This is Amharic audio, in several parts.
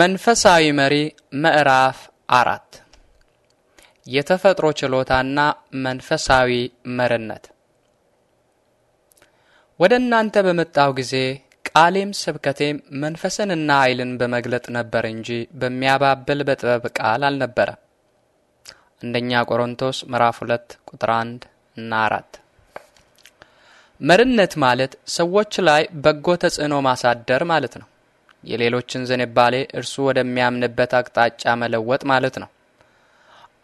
መንፈሳዊ መሪ ምዕራፍ አራት የተፈጥሮ ችሎታና መንፈሳዊ መርነት። ወደ እናንተ በመጣው ጊዜ ቃሌም ስብከቴም መንፈስንና ኃይልን በመግለጥ ነበር እንጂ በሚያባብል በጥበብ ቃል አልነበረም። አንደኛ ቆሮንቶስ ምዕራፍ 2 ቁጥር 1 እና 4። መርነት ማለት ሰዎች ላይ በጎ ተጽዕኖ ማሳደር ማለት ነው። የሌሎችን ዝንባሌ እርሱ ወደሚያምንበት አቅጣጫ መለወጥ ማለት ነው።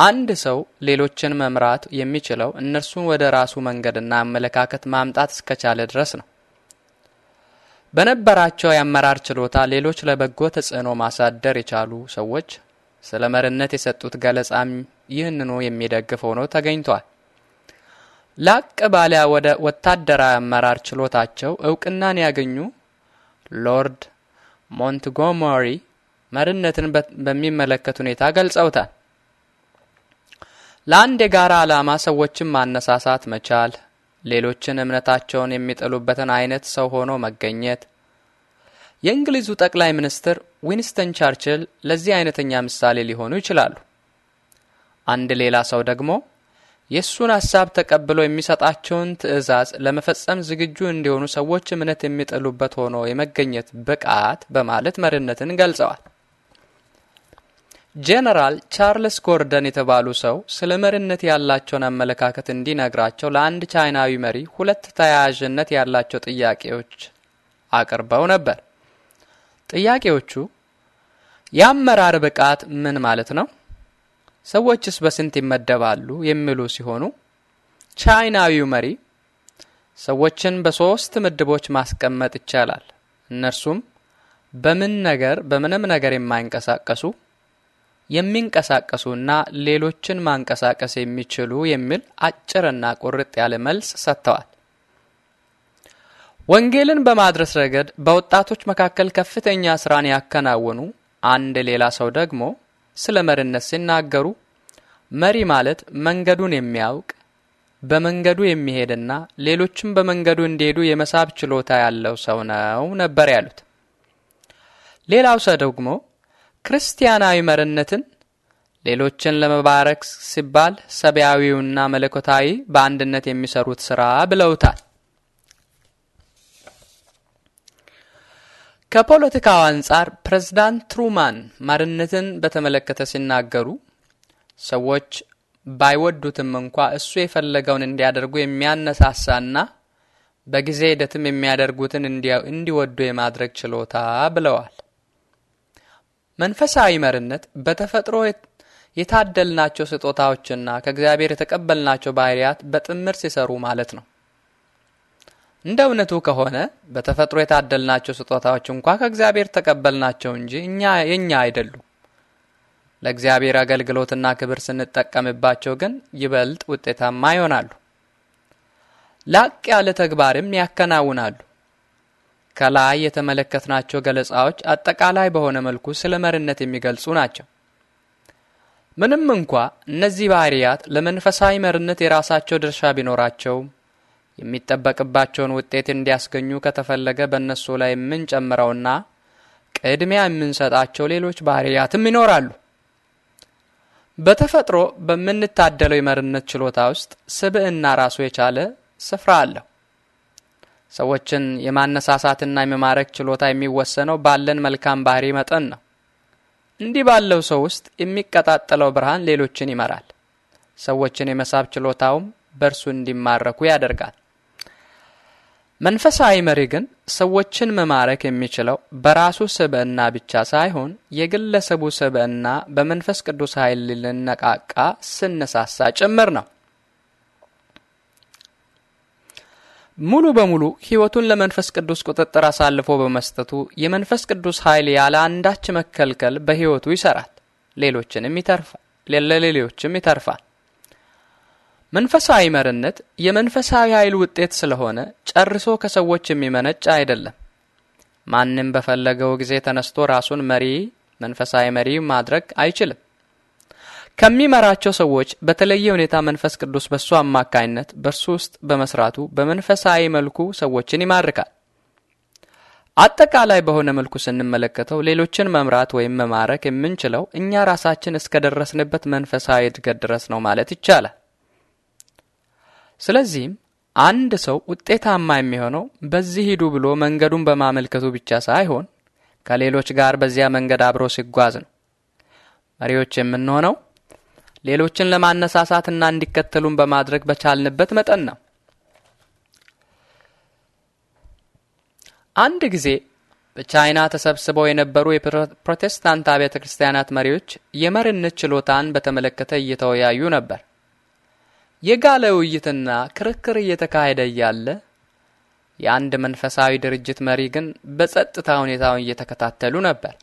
አንድ ሰው ሌሎችን መምራት የሚችለው እነርሱን ወደ ራሱ መንገድና አመለካከት ማምጣት እስከቻለ ድረስ ነው። በነበራቸው የአመራር ችሎታ ሌሎች ለበጎ ተጽዕኖ ማሳደር የቻሉ ሰዎች ስለ መርነት የሰጡት ገለጻም ይህንኑ የሚደግፍ ሆኖ ተገኝቷል። ላቅ ባለ ወደ ወታደራዊ አመራር ችሎታቸው እውቅናን ያገኙ ሎርድ ሞንትጎመሪ መሪነትን በሚመለከት ሁኔታ ገልጸውታል። ለአንድ የጋራ ዓላማ ሰዎችን ማነሳሳት መቻል፣ ሌሎችን እምነታቸውን የሚጥሉበትን አይነት ሰው ሆኖ መገኘት። የእንግሊዙ ጠቅላይ ሚኒስትር ዊንስተን ቻርችል ለዚህ አይነተኛ ምሳሌ ሊሆኑ ይችላሉ። አንድ ሌላ ሰው ደግሞ የእሱን ሐሳብ ተቀብሎ የሚሰጣቸውን ትእዛዝ ለመፈጸም ዝግጁ እንዲሆኑ ሰዎች እምነት የሚጥሉበት ሆኖ የመገኘት ብቃት በማለት መሪነትን ገልጸዋል። ጄኔራል ቻርልስ ጎርደን የተባሉ ሰው ስለ መሪነት ያላቸውን አመለካከት እንዲነግራቸው ለአንድ ቻይናዊ መሪ ሁለት ተያያዥነት ያላቸው ጥያቄዎች አቅርበው ነበር። ጥያቄዎቹ የአመራር ብቃት ምን ማለት ነው? ሰዎችስ በስንት ይመደባሉ የሚሉ ሲሆኑ ቻይናዊው መሪ ሰዎችን በሶስት ምድቦች ማስቀመጥ ይቻላል። እነርሱም በምን ነገር በምንም ነገር የማይንቀሳቀሱ የሚንቀሳቀሱና ሌሎችን ማንቀሳቀስ የሚችሉ የሚል አጭርና ቁርጥ ያለ መልስ ሰጥተዋል። ወንጌልን በማድረስ ረገድ በወጣቶች መካከል ከፍተኛ ስራን ያከናወኑ አንድ ሌላ ሰው ደግሞ ስለ መሪነት ሲናገሩ መሪ ማለት መንገዱን የሚያውቅ በመንገዱ የሚሄድና ሌሎችም በመንገዱ እንዲሄዱ የመሳብ ችሎታ ያለው ሰው ነው ነበር ያሉት። ሌላው ሰው ደግሞ ክርስቲያናዊ መርነትን ሌሎችን ለመባረክ ሲባል ሰብያዊውና መለኮታዊ በአንድነት የሚሰሩት ስራ ብለውታል። ከፖለቲካው አንጻር ፕሬዝዳንት ትሩማን መርነትን በተመለከተ ሲናገሩ ሰዎች ባይወዱትም እንኳ እሱ የፈለገውን እንዲያደርጉ የሚያነሳሳና በጊዜ ሂደትም የሚያደርጉትን እንዲወዱ የማድረግ ችሎታ ብለዋል። መንፈሳዊ መርነት በተፈጥሮ የታደልናቸው ስጦታዎችና ከእግዚአብሔር የተቀበልናቸው ባህሪያት በጥምር ሲሰሩ ማለት ነው። እንደ እውነቱ ከሆነ በተፈጥሮ የታደልናቸው ስጦታዎች እንኳ ከእግዚአብሔር ተቀበልናቸው እንጂ እኛ የእኛ አይደሉም። ለእግዚአብሔር አገልግሎትና ክብር ስንጠቀምባቸው ግን ይበልጥ ውጤታማ ይሆናሉ። ላቅ ያለ ተግባርም ያከናውናሉ። ከላይ የተመለከትናቸው ገለጻዎች አጠቃላይ በሆነ መልኩ ስለ መሪነት የሚገልጹ ናቸው። ምንም እንኳ እነዚህ ባህሪያት ለመንፈሳዊ መሪነት የራሳቸው ድርሻ ቢኖራቸውም የሚጠበቅባቸውን ውጤት እንዲያስገኙ ከተፈለገ በእነሱ ላይ የምንጨምረውና ቅድሚያ የምንሰጣቸው ሌሎች ባህሪያትም ይኖራሉ። በተፈጥሮ በምንታደለው የመሪነት ችሎታ ውስጥ ስብዕና ራሱ የቻለ ስፍራ አለው። ሰዎችን የማነሳሳትና የመማረክ ችሎታ የሚወሰነው ባለን መልካም ባህሪ መጠን ነው። እንዲህ ባለው ሰው ውስጥ የሚቀጣጠለው ብርሃን ሌሎችን ይመራል። ሰዎችን የመሳብ ችሎታውም በእርሱ እንዲማረኩ ያደርጋል። መንፈሳዊ መሪ ግን ሰዎችን መማረክ የሚችለው በራሱ ስብዕና ብቻ ሳይሆን የግለሰቡ ስብዕና በመንፈስ ቅዱስ ኃይል ልነቃቃ ስነሳሳ ጭምር ነው። ሙሉ በሙሉ ሕይወቱን ለመንፈስ ቅዱስ ቁጥጥር አሳልፎ በመስጠቱ የመንፈስ ቅዱስ ኃይል ያለ አንዳች መከልከል በሕይወቱ ይሠራል፣ ሌሎችንም ይተርፋል ለሌሎችም ይተርፋል። መንፈሳዊ መርነት የመንፈሳዊ ኃይል ውጤት ስለሆነ ጨርሶ ከሰዎች የሚመነጭ አይደለም። ማንም በፈለገው ጊዜ ተነስቶ ራሱን መሪ መንፈሳዊ መሪ ማድረግ አይችልም። ከሚመራቸው ሰዎች በተለየ ሁኔታ መንፈስ ቅዱስ በእሱ አማካይነት በእርሱ ውስጥ በመስራቱ በመንፈሳዊ መልኩ ሰዎችን ይማርካል። አጠቃላይ በሆነ መልኩ ስንመለከተው ሌሎችን መምራት ወይም መማረክ የምንችለው እኛ ራሳችን እስከደረስንበት መንፈሳዊ እድገት ድረስ ነው ማለት ይቻላል። ስለዚህም አንድ ሰው ውጤታማ የሚሆነው በዚህ ሂዱ ብሎ መንገዱን በማመልከቱ ብቻ ሳይሆን ከሌሎች ጋር በዚያ መንገድ አብሮ ሲጓዝ ነው። መሪዎች የምንሆነው ሌሎችን ለማነሳሳትና እንዲከተሉን በማድረግ በቻልንበት መጠን ነው። አንድ ጊዜ በቻይና ተሰብስበው የነበሩ የፕሮቴስታንት አብያተ ክርስቲያናት መሪዎች የመሪነት ችሎታን በተመለከተ እየተወያዩ ነበር። የጋለ ውይይትና ክርክር እየተካሄደ እያለ የአንድ መንፈሳዊ ድርጅት መሪ ግን በጸጥታ ሁኔታውን እየተከታተሉ ነበር።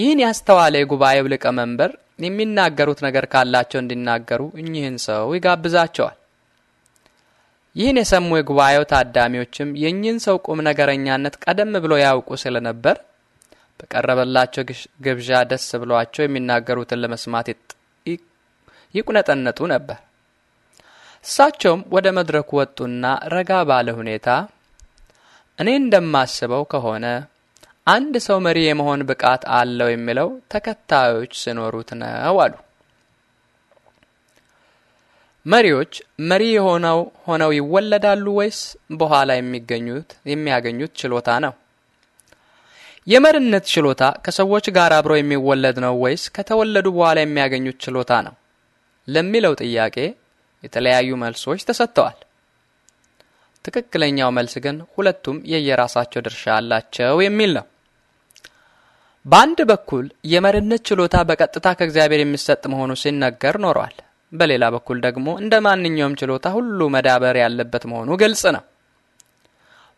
ይህን ያስተዋለ የጉባኤው ሊቀ መንበር የሚናገሩት ነገር ካላቸው እንዲናገሩ እኚህን ሰው ይጋብዛቸዋል። ይህን የሰሙ የጉባኤው ታዳሚዎችም የእኚህን ሰው ቁም ነገረኛነት ቀደም ብሎ ያውቁ ስለነበር በቀረበላቸው ግብዣ ደስ ብሏቸው የሚናገሩትን ለመስማት ይቁነጠነጡ ነበር። እሳቸውም ወደ መድረኩ ወጡና ረጋ ባለ ሁኔታ እኔ እንደማስበው ከሆነ አንድ ሰው መሪ የመሆን ብቃት አለው የሚለው ተከታዮች ሲኖሩት ነው አሉ። መሪዎች መሪ የሆነው ሆነው ይወለዳሉ ወይስ በኋላ የሚገኙት የሚያገኙት ችሎታ ነው? የመሪነት ችሎታ ከሰዎች ጋር አብሮ የሚወለድ ነው ወይስ ከተወለዱ በኋላ የሚያገኙት ችሎታ ነው ለሚለው ጥያቄ የተለያዩ መልሶች ተሰጥተዋል። ትክክለኛው መልስ ግን ሁለቱም የየራሳቸው ድርሻ አላቸው የሚል ነው። በአንድ በኩል የመሪነት ችሎታ በቀጥታ ከእግዚአብሔር የሚሰጥ መሆኑ ሲነገር ኖሯል። በሌላ በኩል ደግሞ እንደ ማንኛውም ችሎታ ሁሉ መዳበር ያለበት መሆኑ ግልጽ ነው።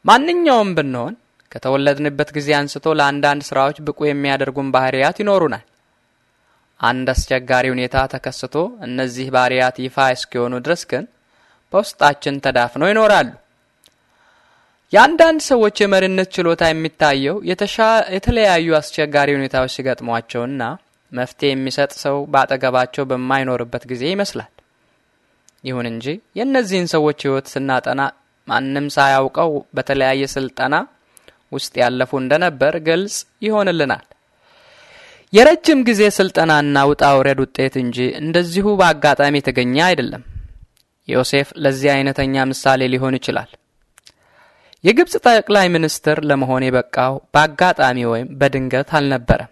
ማንኛውም ብንሆን ከተወለድንበት ጊዜ አንስቶ ለአንዳንድ ስራዎች ብቁ የሚያደርጉን ባህሪያት ይኖሩናል። አንድ አስቸጋሪ ሁኔታ ተከስቶ እነዚህ ባሪያት ይፋ እስኪሆኑ ድረስ ግን በውስጣችን ተዳፍነው ይኖራሉ። የአንዳንድ ሰዎች የመሪነት ችሎታ የሚታየው የተለያዩ አስቸጋሪ ሁኔታዎች ሲገጥሟቸውና መፍትሄ የሚሰጥ ሰው በአጠገባቸው በማይኖርበት ጊዜ ይመስላል። ይሁን እንጂ የእነዚህን ሰዎች ሕይወት ስናጠና ማንም ሳያውቀው በተለያየ ስልጠና ውስጥ ያለፉ እንደነበር ግልጽ ይሆንልናል። የረጅም ጊዜ ስልጠናና ውጣ ውረድ ውጤት እንጂ እንደዚሁ በአጋጣሚ የተገኘ አይደለም። ዮሴፍ ለዚህ አይነተኛ ምሳሌ ሊሆን ይችላል። የግብፅ ጠቅላይ ሚኒስትር ለመሆን የበቃው በአጋጣሚ ወይም በድንገት አልነበረም።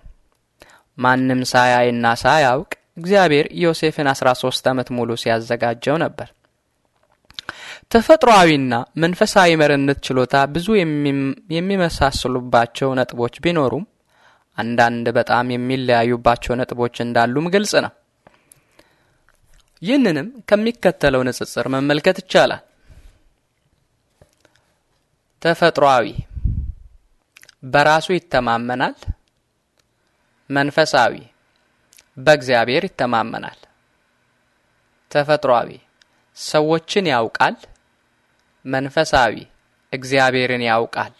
ማንም ሳያይና ሳያውቅ እግዚአብሔር ዮሴፍን 13 ዓመት ሙሉ ሲያዘጋጀው ነበር። ተፈጥሯዊና መንፈሳዊ መሪነት ችሎታ ብዙ የሚመሳስሉባቸው ነጥቦች ቢኖሩም አንዳንድ በጣም የሚለያዩባቸው ነጥቦች እንዳሉም ግልጽ ነው። ይህንንም ከሚከተለው ንጽጽር መመልከት ይቻላል። ተፈጥሯዊ በራሱ ይተማመናል። መንፈሳዊ በእግዚአብሔር ይተማመናል። ተፈጥሯዊ ሰዎችን ያውቃል። መንፈሳዊ እግዚአብሔርን ያውቃል።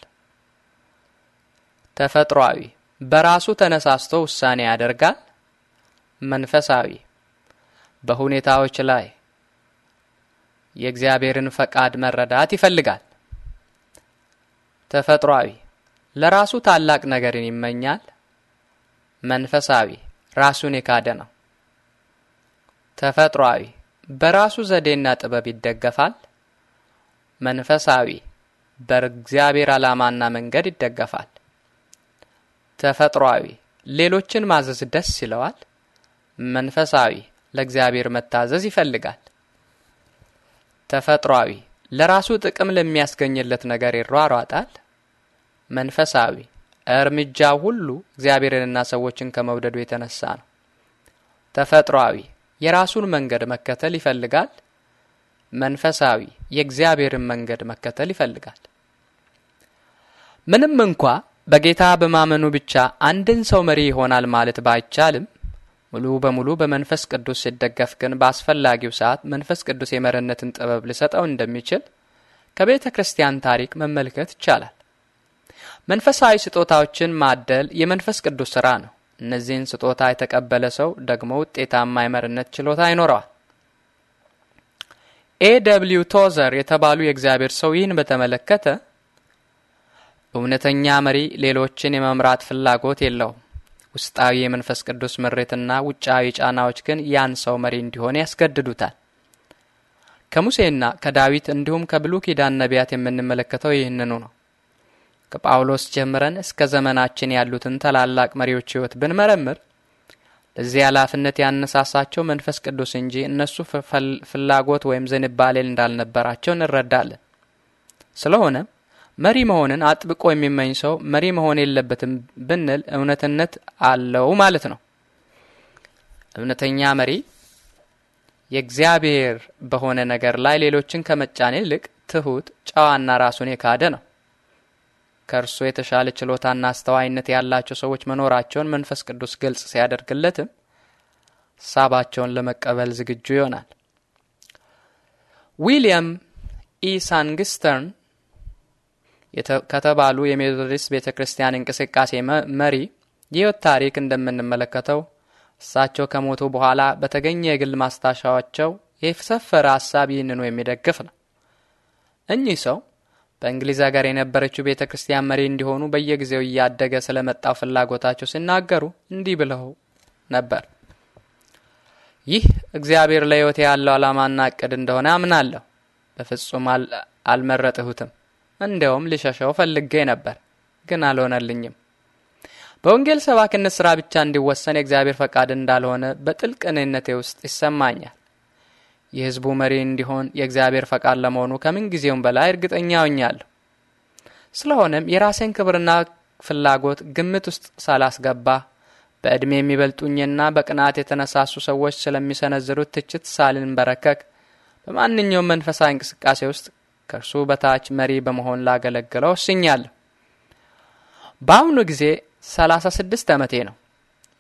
ተፈጥሯዊ በራሱ ተነሳስቶ ውሳኔ ያደርጋል። መንፈሳዊ በሁኔታዎች ላይ የእግዚአብሔርን ፈቃድ መረዳት ይፈልጋል። ተፈጥሯዊ ለራሱ ታላቅ ነገርን ይመኛል። መንፈሳዊ ራሱን የካደ ነው። ተፈጥሯዊ በራሱ ዘዴና ጥበብ ይደገፋል። መንፈሳዊ በእግዚአብሔር ዓላማና መንገድ ይደገፋል። ተፈጥሯዊ ሌሎችን ማዘዝ ደስ ይለዋል። መንፈሳዊ ለእግዚአብሔር መታዘዝ ይፈልጋል። ተፈጥሯዊ ለራሱ ጥቅም ለሚያስገኝለት ነገር ይሯሯጣል። መንፈሳዊ እርምጃው ሁሉ እግዚአብሔርንና ሰዎችን ከመውደዱ የተነሳ ነው። ተፈጥሯዊ የራሱን መንገድ መከተል ይፈልጋል። መንፈሳዊ የእግዚአብሔርን መንገድ መከተል ይፈልጋል። ምንም እንኳ በጌታ በማመኑ ብቻ አንድን ሰው መሪ ይሆናል ማለት ባይቻልም ሙሉ በሙሉ በመንፈስ ቅዱስ ሲደገፍ ግን በአስፈላጊው ሰዓት መንፈስ ቅዱስ የመሪነትን ጥበብ ሊሰጠው እንደሚችል ከቤተ ክርስቲያን ታሪክ መመልከት ይቻላል። መንፈሳዊ ስጦታዎችን ማደል የመንፈስ ቅዱስ ሥራ ነው። እነዚህን ስጦታ የተቀበለ ሰው ደግሞ ውጤታማ የመሪነት ችሎታ ይኖረዋል። ኤ ደብሊው ቶዘር የተባሉ የእግዚአብሔር ሰው ይህን በተመለከተ እውነተኛ መሪ ሌሎችን የመምራት ፍላጎት የለውም። ውስጣዊ የመንፈስ ቅዱስ ምሬትና ውጫዊ ጫናዎች ግን ያን ሰው መሪ እንዲሆን ያስገድዱታል። ከሙሴና ከዳዊት እንዲሁም ከብሉይ ኪዳን ነቢያት የምንመለከተው ይህንኑ ነው። ከጳውሎስ ጀምረን እስከ ዘመናችን ያሉትን ታላላቅ መሪዎች ሕይወት ብንመረምር ለዚህ ኃላፊነት ያነሳሳቸው መንፈስ ቅዱስ እንጂ እነሱ ፍላጎት ወይም ዝንባሌል እንዳልነበራቸው እንረዳለን። ስለሆነም መሪ መሆንን አጥብቆ የሚመኝ ሰው መሪ መሆን የለበትም ብንል እውነትነት አለው ማለት ነው። እውነተኛ መሪ የእግዚአብሔር በሆነ ነገር ላይ ሌሎችን ከመጫን ይልቅ ትሑት፣ ጨዋና ራሱን የካደ ነው። ከእርሱ የተሻለ ችሎታና አስተዋይነት ያላቸው ሰዎች መኖራቸውን መንፈስ ቅዱስ ግልጽ ሲያደርግለትም ሀሳባቸውን ለመቀበል ዝግጁ ይሆናል። ዊልያም ኢ ሳንግስተርን ከተባሉ የሜቶዲስት ቤተ ክርስቲያን እንቅስቃሴ መሪ የህይወት ታሪክ እንደምንመለከተው እሳቸው ከሞቱ በኋላ በተገኘ የግል ማስታሻዋቸው የሰፈረ ሀሳብ ይህንኑ የሚደግፍ ነው። እኚህ ሰው በእንግሊዝ ሀገር የነበረችው ቤተ ክርስቲያን መሪ እንዲሆኑ በየጊዜው እያደገ ስለመጣው ፍላጎታቸው ሲናገሩ እንዲህ ብለው ነበር። ይህ እግዚአብሔር ለህይወት ያለው ዓላማና እቅድ እንደሆነ አምናለሁ። በፍጹም አልመረጥሁትም። እንዲያውም ልሸሸው ፈልጌ ነበር፣ ግን አልሆነልኝም። በወንጌል ሰባኪነት ስራ ብቻ እንዲወሰን የእግዚአብሔር ፈቃድ እንዳልሆነ በጥልቅ ቅንነቴ ውስጥ ይሰማኛል። የህዝቡ መሪ እንዲሆን የእግዚአብሔር ፈቃድ ለመሆኑ ከምንጊዜውም በላይ እርግጠኛ ሆኛለሁ። ስለሆነም የራሴን ክብርና ፍላጎት ግምት ውስጥ ሳላስገባ በዕድሜ የሚበልጡኝና በቅናት የተነሳሱ ሰዎች ስለሚሰነዝሩት ትችት ሳልንበረከክ በማንኛውም መንፈሳዊ እንቅስቃሴ ውስጥ ከእርሱ በታች መሪ በመሆን ላገለግለው ወስኛለሁ። በአሁኑ ጊዜ 36 ዓመቴ ነው።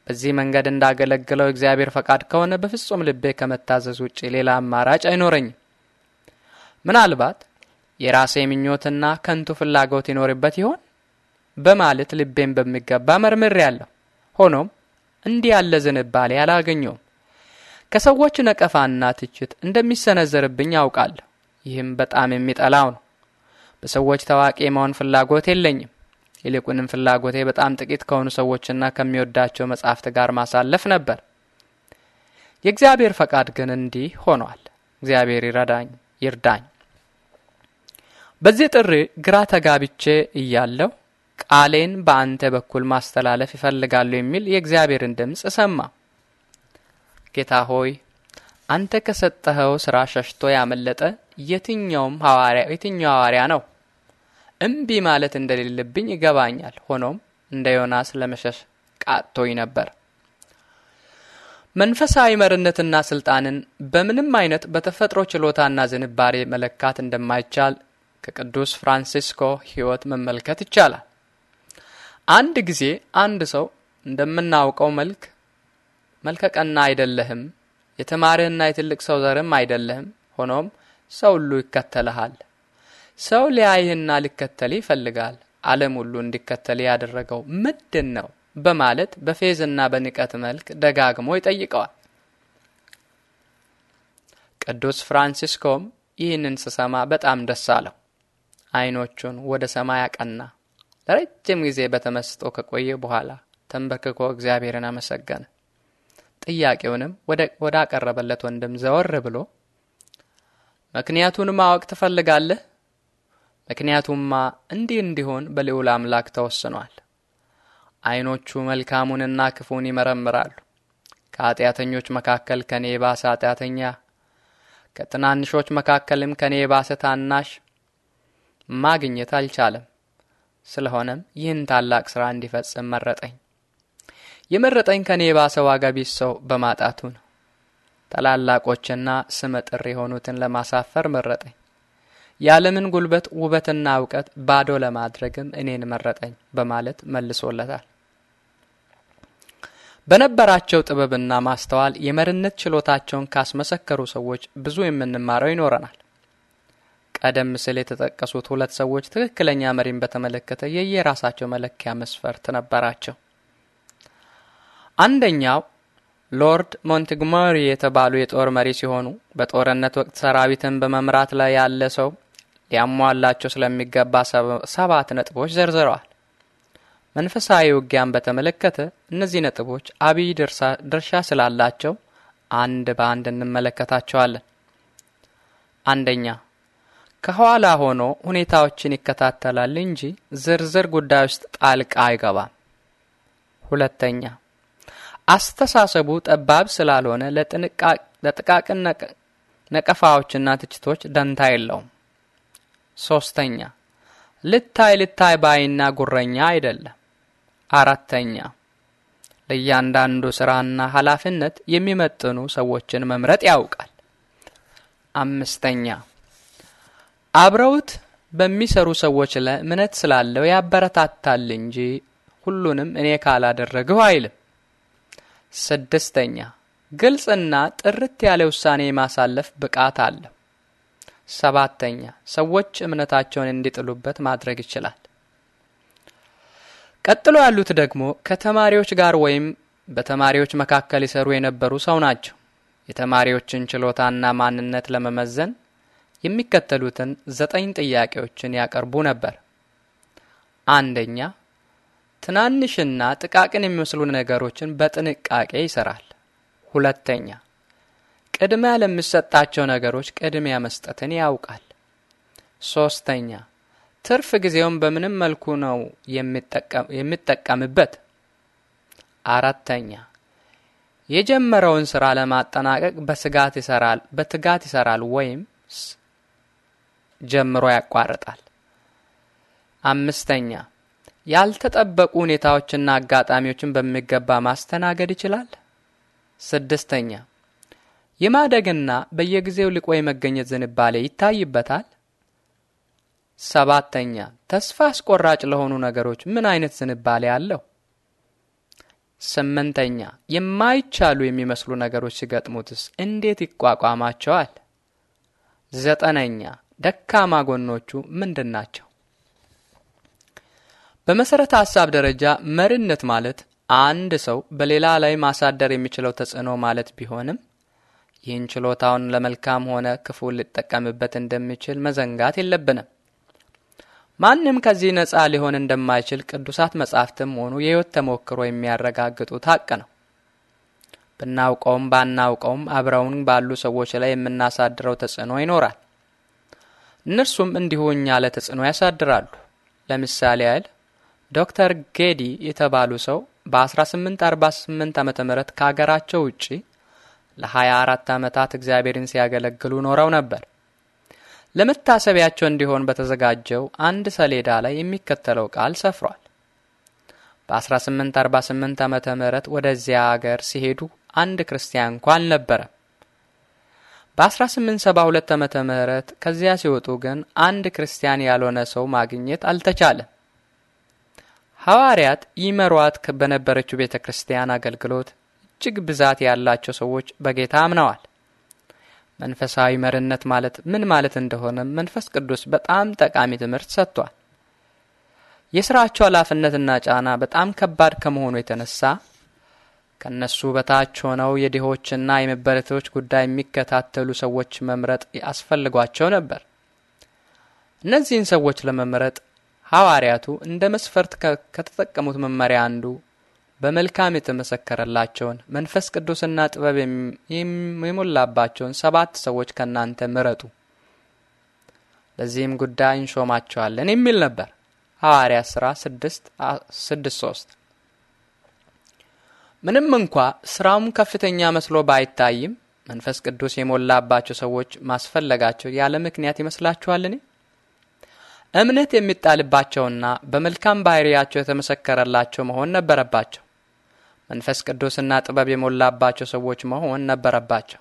በዚህ መንገድ እንዳገለግለው እግዚአብሔር ፈቃድ ከሆነ በፍጹም ልቤ ከመታዘዝ ውጭ ሌላ አማራጭ አይኖረኝም። ምናልባት የራሴ ምኞትና ከንቱ ፍላጎት ይኖርበት ይሆን በማለት ልቤን በሚገባ ያለሁ። ሆኖም እንዲህ ያለ ዝንባሌ አላገኘውም። ከሰዎች ነቀፋና ትችት እንደሚሰነዘርብኝ ያውቃለሁ። ይህም በጣም የሚጠላው ነው። በሰዎች ታዋቂ የመሆን ፍላጎት የለኝም። ይልቁንም ፍላጎቴ በጣም ጥቂት ከሆኑ ሰዎችና ከሚወዳቸው መጻሕፍት ጋር ማሳለፍ ነበር። የእግዚአብሔር ፈቃድ ግን እንዲህ ሆኗል። እግዚአብሔር ይረዳኝ ይርዳኝ። በዚህ ጥሪ ግራ ተጋብቼ እያለሁ ቃሌን በአንተ በኩል ማስተላለፍ ይፈልጋሉ የሚል የእግዚአብሔርን ድምፅ ሰማ። ጌታ ሆይ አንተ ከሰጠኸው ሥራ ሸሽቶ ያመለጠ የትኛውም ሐዋርያ የትኛው ሐዋርያ ነው? እምቢ ማለት እንደሌለብኝ ይገባኛል። ሆኖም እንደ ዮናስ ለመሸሽ ቃጥቶኝ ነበር። መንፈሳዊ መርነትና ስልጣንን በምንም አይነት በተፈጥሮ ችሎታና ዝንባሬ መለካት እንደማይቻል ከቅዱስ ፍራንሲስኮ ሕይወት መመልከት ይቻላል። አንድ ጊዜ አንድ ሰው እንደምናውቀው መልክ መልከቀና አይደለህም የተማረህና የትልቅ ሰው ዘርም አይደለህም። ሆኖም ሰው ሁሉ ይከተልሃል። ሰው ሊያይህና ሊከተል ይፈልጋል። ዓለም ሁሉ እንዲከተል ያደረገው ምንድን ነው? በማለት በፌዝና በንቀት መልክ ደጋግሞ ይጠይቀዋል። ቅዱስ ፍራንሲስኮም ይህንን ስሰማ በጣም ደስ አለው። አይኖቹን ወደ ሰማይ አቀና። ለረጅም ጊዜ በተመስጦ ከቆየ በኋላ ተንበርክኮ እግዚአብሔርን አመሰገነ። ጥያቄውንም ወደ አቀረበለት ወንድም ዘወር ብሎ ምክንያቱን ማወቅ ትፈልጋለህ? ምክንያቱማ እንዲህ እንዲሆን በልዑል አምላክ ተወስኗል። አይኖቹ መልካሙንና ክፉን ይመረምራሉ። ከኃጢአተኞች መካከል ከኔ የባሰ ኃጢአተኛ፣ ከትናንሾች መካከልም ከኔ የባሰ ታናሽ ማግኘት አልቻለም። ስለሆነም ይህን ታላቅ ሥራ እንዲፈጽም መረጠኝ። የመረጠኝ ከኔ የባሰ ዋጋ ቢስ ሰው በማጣቱ ነው። ታላላቆችና ስመ ጥር የሆኑትን ለማሳፈር መረጠኝ። የዓለምን ጉልበት ውበትና እውቀት ባዶ ለማድረግም እኔን መረጠኝ በማለት መልሶለታል። በነበራቸው ጥበብና ማስተዋል የመሪነት ችሎታቸውን ካስመሰከሩ ሰዎች ብዙ የምንማረው ይኖረናል። ቀደም ሲል የተጠቀሱት ሁለት ሰዎች ትክክለኛ መሪን በተመለከተ የየራሳቸው መለኪያ መስፈርት ነበራቸው። አንደኛው ሎርድ ሞንትጎመሪ የተባሉ የጦር መሪ ሲሆኑ በጦርነት ወቅት ሰራዊትን በመምራት ላይ ያለ ሰው ሊያሟላቸው ስለሚገባ ሰባት ነጥቦች ዘርዝረዋል። መንፈሳዊ ውጊያን በተመለከተ እነዚህ ነጥቦች አብይ ድርሻ ስላላቸው አንድ በአንድ እንመለከታቸዋለን። አንደኛ ከኋላ ሆኖ ሁኔታዎችን ይከታተላል እንጂ ዝርዝር ጉዳይ ውስጥ ጣልቃ አይገባም። ሁለተኛ አስተሳሰቡ ጠባብ ስላልሆነ ለጥቃቅን ነቀፋዎችና ትችቶች ደንታ የለውም። ሶስተኛ ልታይ ልታይ ባይና ጉረኛ አይደለም። አራተኛ ለእያንዳንዱ ስራና ኃላፊነት የሚመጥኑ ሰዎችን መምረጥ ያውቃል። አምስተኛ አብረውት በሚሰሩ ሰዎች ላይ ስላለው ያበረታታል እንጂ ሁሉንም እኔ ካላደረግሁ አይልም። ስድስተኛ ግልጽና ጥርት ያለ ውሳኔ የማሳለፍ ብቃት አለ። ሰባተኛ ሰዎች እምነታቸውን እንዲጥሉበት ማድረግ ይችላል። ቀጥሎ ያሉት ደግሞ ከተማሪዎች ጋር ወይም በተማሪዎች መካከል ይሰሩ የነበሩ ሰው ናቸው። የተማሪዎችን ችሎታና ማንነት ለመመዘን የሚከተሉትን ዘጠኝ ጥያቄዎችን ያቀርቡ ነበር። አንደኛ ትናንሽና ጥቃቅን የሚመስሉ ነገሮችን በጥንቃቄ ይሰራል። ሁለተኛ ቅድሚያ ለሚሰጣቸው ነገሮች ቅድሚያ መስጠትን ያውቃል። ሶስተኛ ትርፍ ጊዜውን በምንም መልኩ ነው የሚጠቀምበት። አራተኛ የጀመረውን ስራ ለማጠናቀቅ በስጋት ይሰራል በትጋት ይሰራል ወይም ጀምሮ ያቋርጣል። አምስተኛ ያልተጠበቁ ሁኔታዎችና አጋጣሚዎችን በሚገባ ማስተናገድ ይችላል። ስድስተኛ የማደግና በየጊዜው ልቆ የመገኘት ዝንባሌ ይታይበታል። ሰባተኛ ተስፋ አስቆራጭ ለሆኑ ነገሮች ምን አይነት ዝንባሌ አለው? ስምንተኛ የማይቻሉ የሚመስሉ ነገሮች ሲገጥሙትስ እንዴት ይቋቋማቸዋል? ዘጠነኛ ደካማ ጎኖቹ ምንድን ናቸው? በመሰረተ ሐሳብ ደረጃ መሪነት ማለት አንድ ሰው በሌላ ላይ ማሳደር የሚችለው ተጽዕኖ ማለት ቢሆንም ይህን ችሎታውን ለመልካም ሆነ ክፉ ሊጠቀምበት እንደሚችል መዘንጋት የለብንም። ማንም ከዚህ ነጻ ሊሆን እንደማይችል ቅዱሳት መጻሕፍትም ሆኑ የሕይወት ተሞክሮ የሚያረጋግጡት ሀቅ ነው። ብናውቀውም ባናውቀውም አብረውን ባሉ ሰዎች ላይ የምናሳድረው ተጽዕኖ ይኖራል። እነርሱም እንዲሁ እኛ ለተጽዕኖ ተጽዕኖ ያሳድራሉ። ለምሳሌ ያህል ዶክተር ጌዲ የተባሉ ሰው በ1848 ዓመተ ም ከሀገራቸው ውጪ ለ24 ዓመታት እግዚአብሔርን ሲያገለግሉ ኖረው ነበር። ለመታሰቢያቸው እንዲሆን በተዘጋጀው አንድ ሰሌዳ ላይ የሚከተለው ቃል ሰፍሯል። በ1848 ዓ ም ወደዚያ አገር ሲሄዱ አንድ ክርስቲያን እንኳ አልነበረም። በ1872 ዓመተ ም ከዚያ ሲወጡ ግን አንድ ክርስቲያን ያልሆነ ሰው ማግኘት አልተቻለም። ሐዋርያት ይመሯት በነበረችው ቤተ ክርስቲያን አገልግሎት እጅግ ብዛት ያላቸው ሰዎች በጌታ አምነዋል። መንፈሳዊ መሪነት ማለት ምን ማለት እንደሆነ መንፈስ ቅዱስ በጣም ጠቃሚ ትምህርት ሰጥቷል። የሥራቸው ኃላፊነትና ጫና በጣም ከባድ ከመሆኑ የተነሳ ከነሱ በታች ሆነው የድሆችና የመበረቶች ጉዳይ የሚከታተሉ ሰዎች መምረጥ አስፈልጓቸው ነበር። እነዚህን ሰዎች ለመምረጥ ሐዋርያቱ እንደ መስፈርት ከተጠቀሙት መመሪያ አንዱ በመልካም የተመሰከረላቸውን መንፈስ ቅዱስና ጥበብ የሞላባቸውን ሰባት ሰዎች ከእናንተ ምረጡ፣ ለዚህም ጉዳይ እንሾማቸዋለን የሚል ነበር። ሐዋርያ ሥራ ስድስት ስድስት ሶስት ምንም እንኳ ሥራውም ከፍተኛ መስሎ ባይታይም መንፈስ ቅዱስ የሞላባቸው ሰዎች ማስፈለጋቸው ያለ ምክንያት ይመስላችኋልን? እምነት የሚጣልባቸውና በመልካም ባህሪያቸው የተመሰከረላቸው መሆን ነበረባቸው። መንፈስ ቅዱስና ጥበብ የሞላባቸው ሰዎች መሆን ነበረባቸው።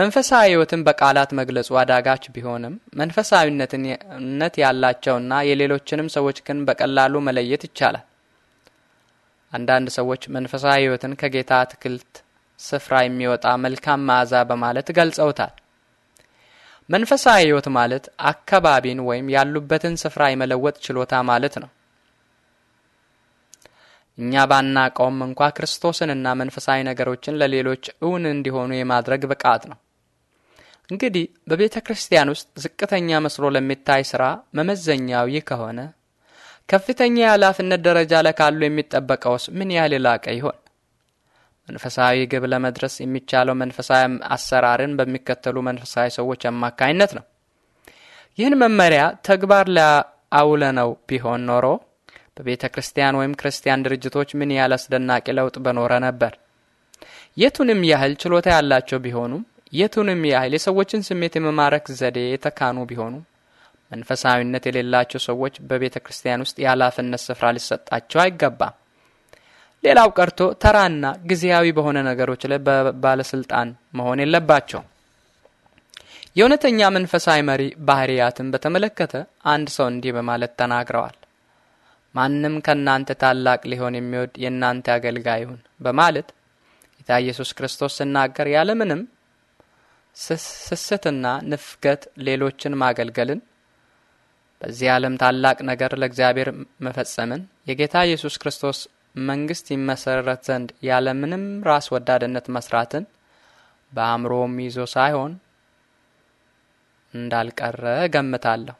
መንፈሳዊ ሕይወትን በቃላት መግለጹ አዳጋች ቢሆንም መንፈሳዊነት ያላቸውና የሌሎችንም ሰዎች ግን በቀላሉ መለየት ይቻላል። አንዳንድ ሰዎች መንፈሳዊ ሕይወትን ከጌታ አትክልት ስፍራ የሚወጣ መልካም መዓዛ በማለት ገልጸውታል። መንፈሳዊ ህይወት ማለት አካባቢን ወይም ያሉበትን ስፍራ የመለወጥ ችሎታ ማለት ነው። እኛ ባናቀውም እንኳ ክርስቶስንና መንፈሳዊ ነገሮችን ለሌሎች እውን እንዲሆኑ የማድረግ ብቃት ነው። እንግዲህ በቤተ ክርስቲያን ውስጥ ዝቅተኛ መስሎ ለሚታይ ሥራ መመዘኛው ይህ ከሆነ ከፍተኛ የኃላፊነት ደረጃ ላይ ካሉ የሚጠበቀውስ ምን ያህል የላቀ ይሆን? መንፈሳዊ ግብ ለመድረስ የሚቻለው መንፈሳዊ አሰራርን በሚከተሉ መንፈሳዊ ሰዎች አማካኝነት ነው። ይህን መመሪያ ተግባር ላአውለነው ቢሆን ኖሮ በቤተ ክርስቲያን ወይም ክርስቲያን ድርጅቶች ምን ያህል አስደናቂ ለውጥ በኖረ ነበር። የቱንም ያህል ችሎታ ያላቸው ቢሆኑም፣ የቱንም ያህል የሰዎችን ስሜት የመማረክ ዘዴ የተካኑ ቢሆኑም መንፈሳዊነት የሌላቸው ሰዎች በቤተ ክርስቲያን ውስጥ የኃላፊነት ስፍራ ሊሰጣቸው አይገባም። ሌላው ቀርቶ ተራና ጊዜያዊ በሆነ ነገሮች ላይ ባለስልጣን መሆን የለባቸው። የእውነተኛ መንፈሳዊ መሪ ባህሪያትን በተመለከተ አንድ ሰው እንዲህ በማለት ተናግረዋል። ማንም ከእናንተ ታላቅ ሊሆን የሚወድ የእናንተ አገልጋይ ይሁን በማለት ጌታ ኢየሱስ ክርስቶስ ስናገር ያለምንም ስስትና ንፍገት ሌሎችን ማገልገልን በዚህ ዓለም ታላቅ ነገር ለእግዚአብሔር መፈጸምን የጌታ ኢየሱስ ክርስቶስ መንግስት ይመሰረት ዘንድ ያለምንም ራስ ወዳድነት መስራትን በአእምሮም ይዞ ሳይሆን እንዳልቀረ ገምታለሁ።